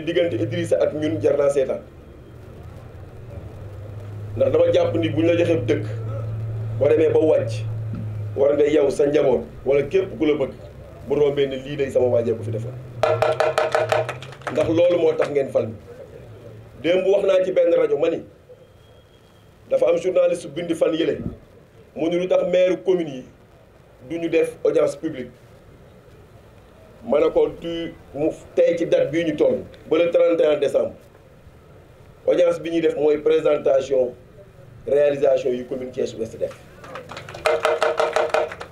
ni diggante Idrissa ak ñun jar seetaan ndax dama jàpp ni bu ñu la joxee dëkk boo demee ba wàcc war nga yow sa njaboot wala képp ku la bëgg bu rombee ni lii day sama waajee ko fi defal ndax loolu moo tax ngeen fal mi démb wax naa ci benn rajo ma ni dafa am journaliste bind fan yële mu ni lu tax maire commune yi du ñu def audience publique ma ne ko tu mu tey ci date bii ñu toll ba le 31 décembre audience bi ñuy def mooy présentation réalisation yu commune Thiès Ouest def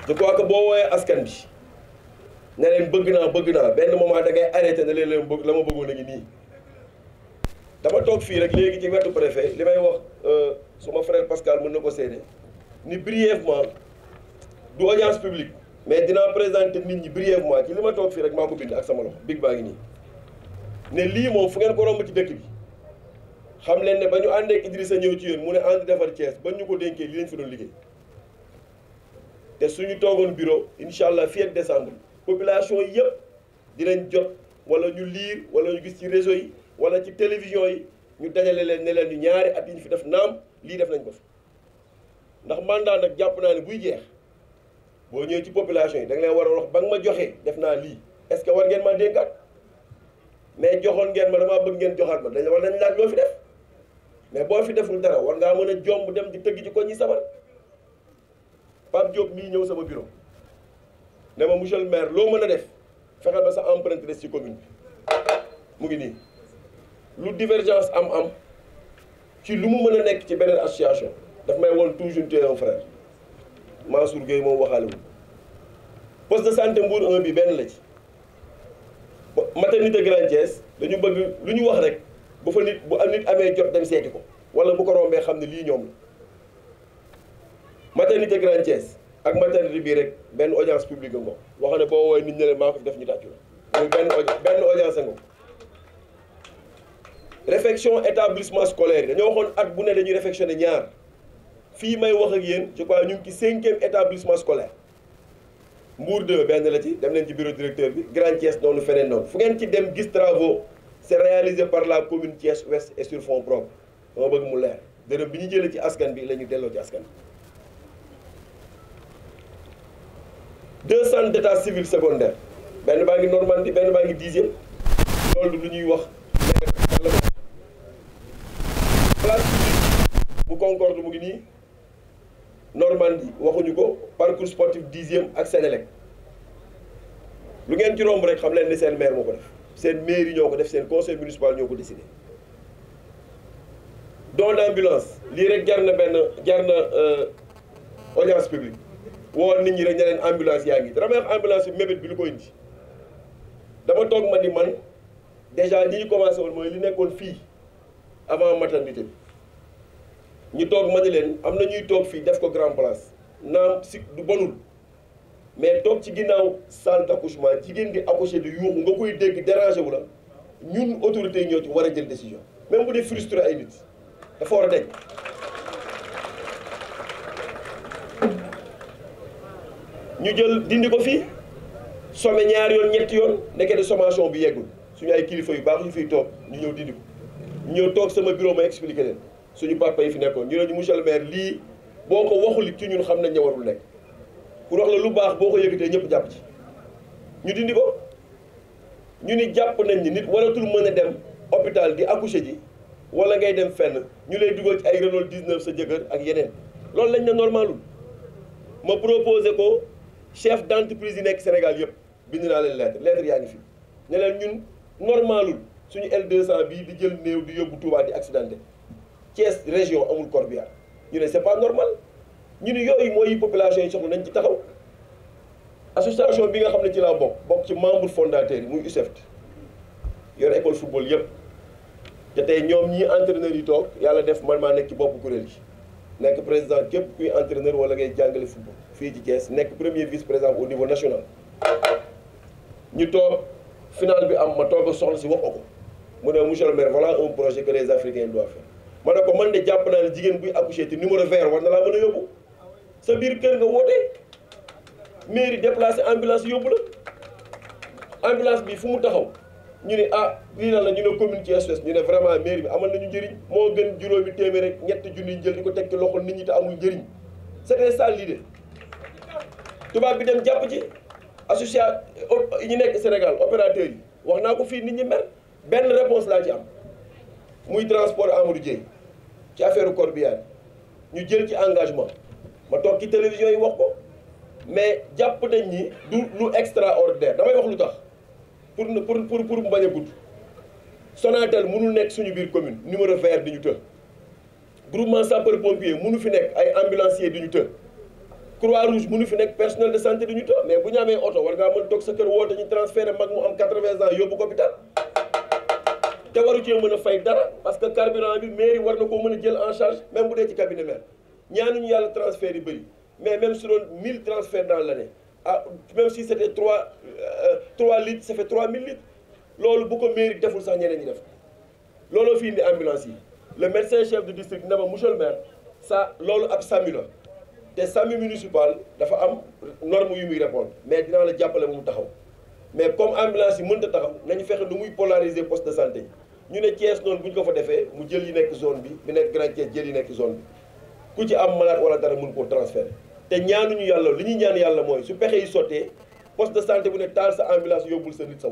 je crois boo woowee askan bi ne leen bëgg naa bëgg naa benn moment da ngay arrêté ne leen leen bëgg la ma bëggoon a ngi nii dama toog fii rek léegi ci wetu préfet li may wax euh, suma frère Pascal mën na ko seede ni brièvement du audience publique mais dinaa présenter nit ñi brièvement ci li ma toog fii rek maa ko bind ak sama loxo big baa ngi nii ne lii moom fu ngeen ko romb ci dëkk bi xam leen ne ba ñu àndee ak sa ñëw ci yéen mu ne ànd defar Thiès ba ñu ko dénkee li lañ fi liggéey te suñu toogoon bureau incha allah fii ak décembre population yëpp dinañ jot wala ñu liir wala ñu gis ci réseau yi wala ci télévision yi ñu dajale leen ne leen ñu ñaari at yi ñu fi def naam lii def nañ ko fi ndax mandat jàpp naa ne buy jeex. boo ñëwee ci population yi da nga leen war a wax ba nga ma joxee def naa lii est-ce que war ngeen ma dénkaat mais joxoon ngeen ma damaa bëgg ngeen joxaat ma dañ war nañ laaj loo fi def mais boo fi deful dara war ngaa mën a jomb dem di tëgg ci ko ñi sabar Pape Diop mii ñëw sama bureau ne ma monsieur le maire loo mën a def fexeel ba sa empreinte des ci commune bi mu ngi nii lu divergence am am ci lu mu mën a nekk ci beneen association daf may woon toujours tu es un Mansour Gueye moom waxaale poste de santé Mbour 1 bi benn la ci maternité Grand Thiès dañu bëgg lu ñu wax rek bu fa nit bu am nit amee jot dem seeti ko wala bu ko rombee xam ne lii ñoom la maternité Grand Thiès ak maternité bii rek benn audience publique nga wax ne boo woowee nit ñi ne maa ko fi def ñu tàccu la muy benn benn audience nga réfection établissement scolaire yi dañoo waxoon at bu ne dañuy ne ñaar fii may wax ak yéen je crois ñu ngi ci cinquième établissement scolaire Mbour 2 benn la ci dem leen ci bureau directeur bi Grand Thiès noonu feneen noonu fu ngeen ci dem gis travaux c' est par la commune Thiès Ouest et sur fonds propres dama bëgg mu leer dërëm bi ñu jëlee ci askan bi la ñu delloo ci askan bi. deux centres d' état civil secondaire benn baa ngi Normandie benn baa ngi dixième loolu lu ñuy wax. place bu Concorde mu ngi nii. Normandie waxuñu ko parcours sportif dixième ak Sénélec lu ngeen ci romb rek xam leen ni seen maire moo ko def seen mairie ñoo ko def seen conseil municipal ñoo ko décidé don d'ambulance lii rek jar na benn jar na euh, audience publique woo nit ñi rek ñeneen ambulance yaa ngi dama wax ambulance bi mébét bi lu ko indi dama toog ma ni man déjà li ñu commencé woon mooy li nekkoon fii avant maternité bi ñu toog ma ne leen am na ñuy toog fii def ko grand place naam si du bonul mais toog ci ginnaaw salle d'accouchement jigéen di accoucher di yuuxu nga koy dégg dérangé wu la ñun autorités yi ñoo ci war a jël décision même bu dee frustré ay nit dafa war a deñ ñu jël dindi ko fii some ñaari yoon ñetti yoon nekkee de bi yeggul suñu ay kilifa yu baax yu fii toog ñu ñëw dindi ko ñu ñëw toog sama bureau ma expliqué leen suñu papa yi fi nekkoon ñu ne ñu monsieur le maire lii boo ko waxul ci ñun xam nañ ne warul nekk pour wax la lu baax boo ko yëkkatee ñëpp jàpp ci ñu dindi ko ñu ni jàpp nañ ni nit waratul mën a dem hôpital di accoucher ji wala ngay dem fenn ñu lay dugal ci ay Renault 19 sa jëkkër ak yeneen loolu lañ ne normalul ma proposé ko chef d'entreprise yi nekk Sénégal yëpp bind naa leen lettre lettre yaa ngi fi ne leen ñun normalul suñu L200 bii di jël néew di yóbbu Touba di accidenté Thiès région amul corbillard ñu ne c'est pas normal ñu ne yooyu mooy population yi soxla nañ ci taxaw association bi nga xam ne ci laa bokk bokk ci membre fondateur yi muy UCEFT yor école football yëpp te tey ñoom ñii entraîneurs yi toog yàlla def man maa nekk ci bopp kuréel gi nekk président képp kuy entraîneur wala ngay jàngale football fii ci Thiès nekk premier vice président au niveau national ñu toog final bi am ma toog a soxla si wax ko mu ne monsieur le maire voilà un projet que les Africains doivent faire ma ne ko man de jàpp naa ne jigéen buy accouché te numéro vert war na laa mën a yóbbu sa biir kër nga woote mairie déplacé ambulance yóbbu la ambulance bi fu mu taxaw ñu ne ah lii daal la ñu ne commune ci espèce ñu ne vraiment mairie bi amal nañu njëriñ moo gën juróomi téeméer rek ñetti junniy jël di ko teg ci loxo nit ñi te amul njëriñ c'était ça l'idée tubaab bi dem jàpp ci association euh, ñi nekk Sénégal opérateur yi wax naa ko fii nit ñi mer benn réponse laa ci am muy transport Amadou Dieye ci affaire corbillard ñu jël ci engagement ma toog ci télévision yi wax ko mais jàpp nañ ñi du lu extraordinaire damay wax lu tax pour pour pour pour mu bañ a gudd Sonatel mënul nekk suñu biir commune numéro vert di ñu të groupement sapeur pompier mënu fi nekk ay ambulancier di ñu të croix rouge mënu fi nekk personnel de santé di ñu të mais bu ñu oto war ngaa mën toog sa kër woote ñu transféré mag mu am 80 ans yóbbu ko hôpital te waru cee mën a fay dara parce que carburant bi mairie war na koo mën a jël en charge même bu dee ci cabinet maire ñaanuñu yàlla transfert yi bëri mais même su doon 1000 transferts dans l'année ah même si c'était 3 3 euh, litres ça fait 3000 loolu bu ko mairie deful sax ñeneen ñi def looloo fi indi ambulance yi le médecin chef de district ne ma monsieur le maire ça loolu ab SAMU la te SAMU municipal dafa am norme yu muy répondre mais dinaa la jàppale mu taxaw. mais comme ambulance yi mënta taxaw nañu fexe lu muy polariser poste de santé yi ñu ne Thiès noonu bu ñu ko fa defee mu jël yi nekk zone bi bi nekk Grand Thiès jël yi nekk zone bi ku ci am malade wala dara mun koo transférer te ñaanuñu yàlla li ñuy ñaan yàlla mooy su pexe yi sottee poste de santé bu ne taal sa ambulance yóbbul sa nit sa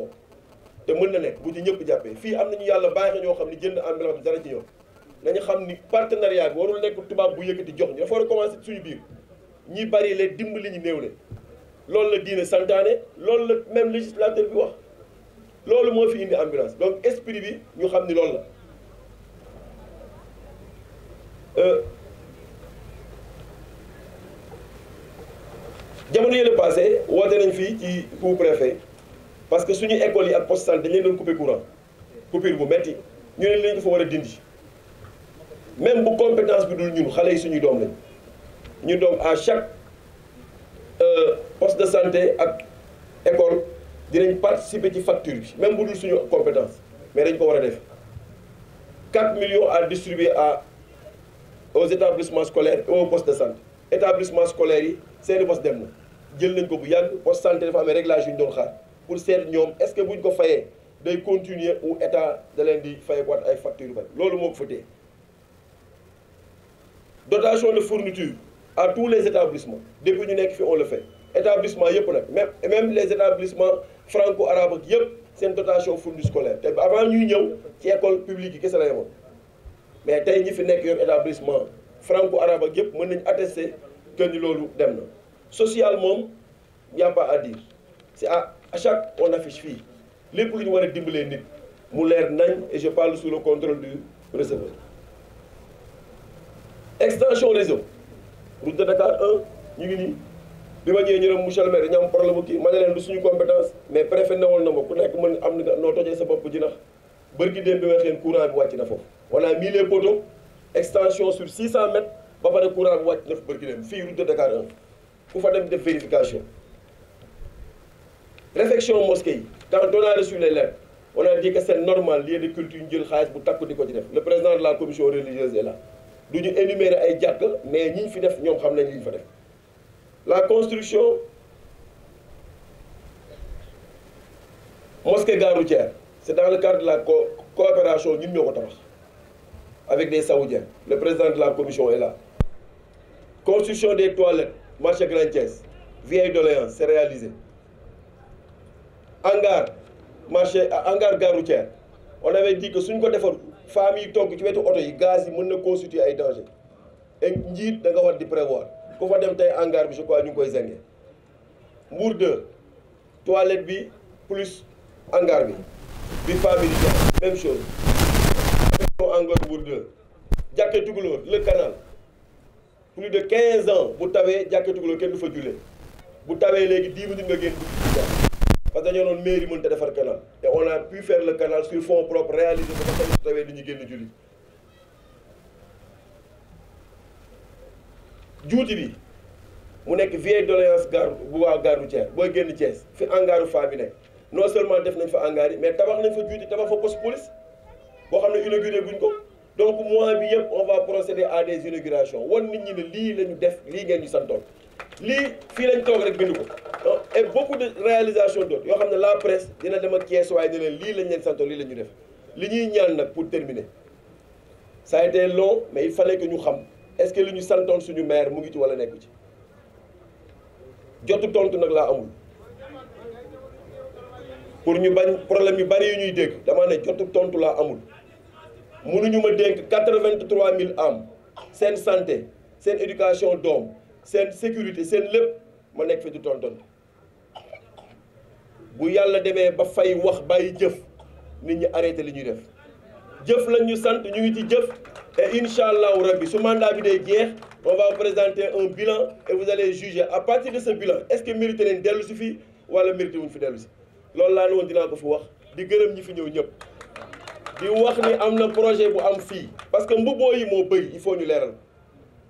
te mën na nekk bu ci ñëpp jàppee fii am nañu yàlla baaxee ñoo xam ne jënd ambulance bi dara ci ñoom nañu ni partenariat bi warul tubaab bu yëkkati jox ñu dafa war a commencé suñu biir ñi bari dimbali ñu néew leen loolu la diine santaane loolu la même législateur bi wax loolu moo fi indi ambulance donc esprit bi ñu xam ni loolu la euh, jamono yële passé woote nañ fii ci pour préfet parce que suñu école yi ak poste santé dañ doon coupé courant coupure bu metti ñu ne leen dafa war a dindi même bu compétence bi dul ñun xale yi suñuy doom lañ ñu doom à chaque. Euh, poste de santé ak école dinañ participer ci facture bi même bu dul suñu compétence mais dañ ko war a def 4 millions à distribuer à aux établissements scolaires et aux postes de santé établissement scolaire yi seeni postes dem na jël nañ ko bu yàgg poste santé dafa amee réglage yu ñu doon xaar pour seet ñoom est-ce bu ñu ko fayee day continuer ou état da leen di fayeekuwaat ay facture bari loolu moo ko fa tee dotation de fourniture à tous les établissements depuis ñu nekk fi on établissement yëpp nag même même les établissements franco-arabes ak yëpp seen dotation fourniture scolaire te avant ñuy ñëw ci école publique yi kese la yemoon mais tey ñi fi nekk yoon établissement franco-arabe ak yëpp mën nañu attester que loolu dem na. social moom y a pas à dire c'est à chaque on affiche fii lépp lu ñu war a dimbalee nit mu leer nañ et je parle sous le contrôle du receveur. extension réseau route de Dakar 1 ñu ngi nii. bi ma ñëwee ñu ne monsieur le maire dañu am problème bu kii ma ne leen du suñu compétence mais préfet newoon na ma ku nekk mën am na noo tojee sa bopp jinax bërki démb bi waxeen courant bi wàcc na foofu on a mis les poteaux extension sur 600 mètres ba pare courant bi wàcc na fa bërki fii route de Dakar 1 ku fa dem def vérification réfection mosquée yi quand on a reçu les lettres on a dit que c'est normal lieu de culte yu jël xaalis bu takku di ko ci def le président de la commission religieuse est là du ay jàkk mais ñi fi def ñoom xam nañ li ñu def la construction mosquée gare routière c'est dans le cadre de la co coopération ñun ñoo ko tabax avec des saoudiens le président de la commission est là construction des toilettes marché Grand Thiès vieille doléance c'est réalisé hangar marché hangar gare routière on avait dit que suñ ko defar femmes yi togg ci wetu oto yi gaz yi mën na constituer ay danger et njiit da nga war di prévoir ku fa dem tey hangar bi je crois ñu ngi koy zenge Mbour 2 bi plus hangar bi bi faa bi di jox même chose hangar Mbour 2 jàkkee Tukulóor le canal plus de 15 ans bu tawee jàkkee Tukulóor kenn du fa jullee bu tawee léegi 10 minutes nga génn parce que dañoo doon mairie mënut a defar canal et on a pu faire le canal sur fonds propres réalisé ko ba tamit su tawee du ñu génn julli juuti bi mu nekk vieille doléance gare bu waa gare routière booy génn Thiès fi angaaru fa bi nekk non seulement def nañ fa angaar mais tabax nañ fa juuti tabax fa poste police boo xam ne inauguré guñ ko donc mois bi yëpp on va procéder à des inaugurations wan nit ñi ne lii la ñu def lii ngeen ñu santoon lii fii lañ toog rek bind ko et beaucoup de réalisations yoo xam ne la presse dina dem ak Thiès waaye ne leen lii lañ leen santoon lii la ñu def li ñuy ñaan nag pour terminer ça a été long mais ñu xam est-ce que li ñu santoon suñu maire mu ngi ci walla nekku ci jotu tontu nag laa amul pour ñu bañ problème yu bari yu ñuy dégg dama ne jotu tontu laa amul mënuñu ma dégg quatre-vingt-trois mille am seen santé seen éducation doom seen sécurité seen lépp ma nekk fi du bu yàlla demee ba fay wax bàyyi jëf nit ñi arrêté li ñuy def jëf lañ ñu sant ñu ngi ci jëf Et Inch'Allah, ce mandat de guerre, on va vous présenter un bilan et vous allez juger à partir de ce bilan, est-ce que mérite leen dellu si fii wala mérite wuñ fi dellu si loolu laa ne woon dinaa ko fi wax di gërëm ñi fi ñëw ñëpp di wax ni am na projet bu am fii parce que mbubboo yi moo bëri il foo ñu leeral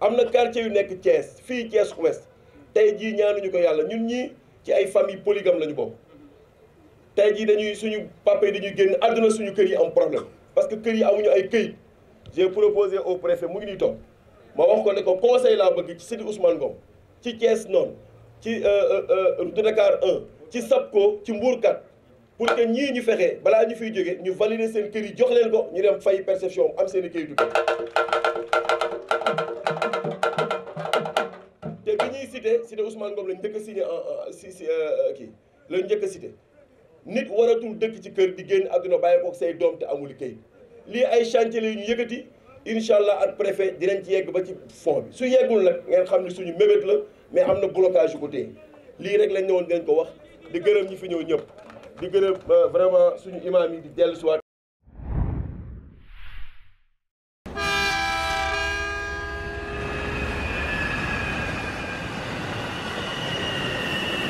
am na quartier yu nekk Thiès fii Thiès ouest tey jii ñaanuñu ko yàlla ñun ñii ci ay famille polygame la ñu bokk tey jii dañuy suñu papa yi dañuy génn àdduna suñu kër yi am problème parce que kër yi amuñu ay këyit j'ai proposé au préfet mu ngi nii toog ma wax ko ne ko conseil laa bëgg ci Sidi Ousmane Ngom ci Thiès noon ci euh, euh, euh, route de Dakar 1 ci SAPCO ci Mbourkat pour que ñii ñi fexe balaa ñu fiy jóge ñu valider seen kër yi jox leen ko ñu dem fay perception am seen i këyitu kër te bi ñuy cité cité Ousmane Ngom lañ njëkk a signé si si kii lañ njëkk a cité nit waratul dëkk ci kër di génn àdduna bàyyi koog say doom te amul këyit. lii ay chantier la yu ñu yëkkati incha allah ak préfet dinañ ci yegg ba ci fond bi su yeggul nag ngeen xam ne suñu mébét la mais am na blocage yu ko téye lii rek lañ ne woon dinañ ko wax di gërëm ñi fi ñëw ñëpp di gërëm euh, vraiment suñu imaam yi di dellu si waat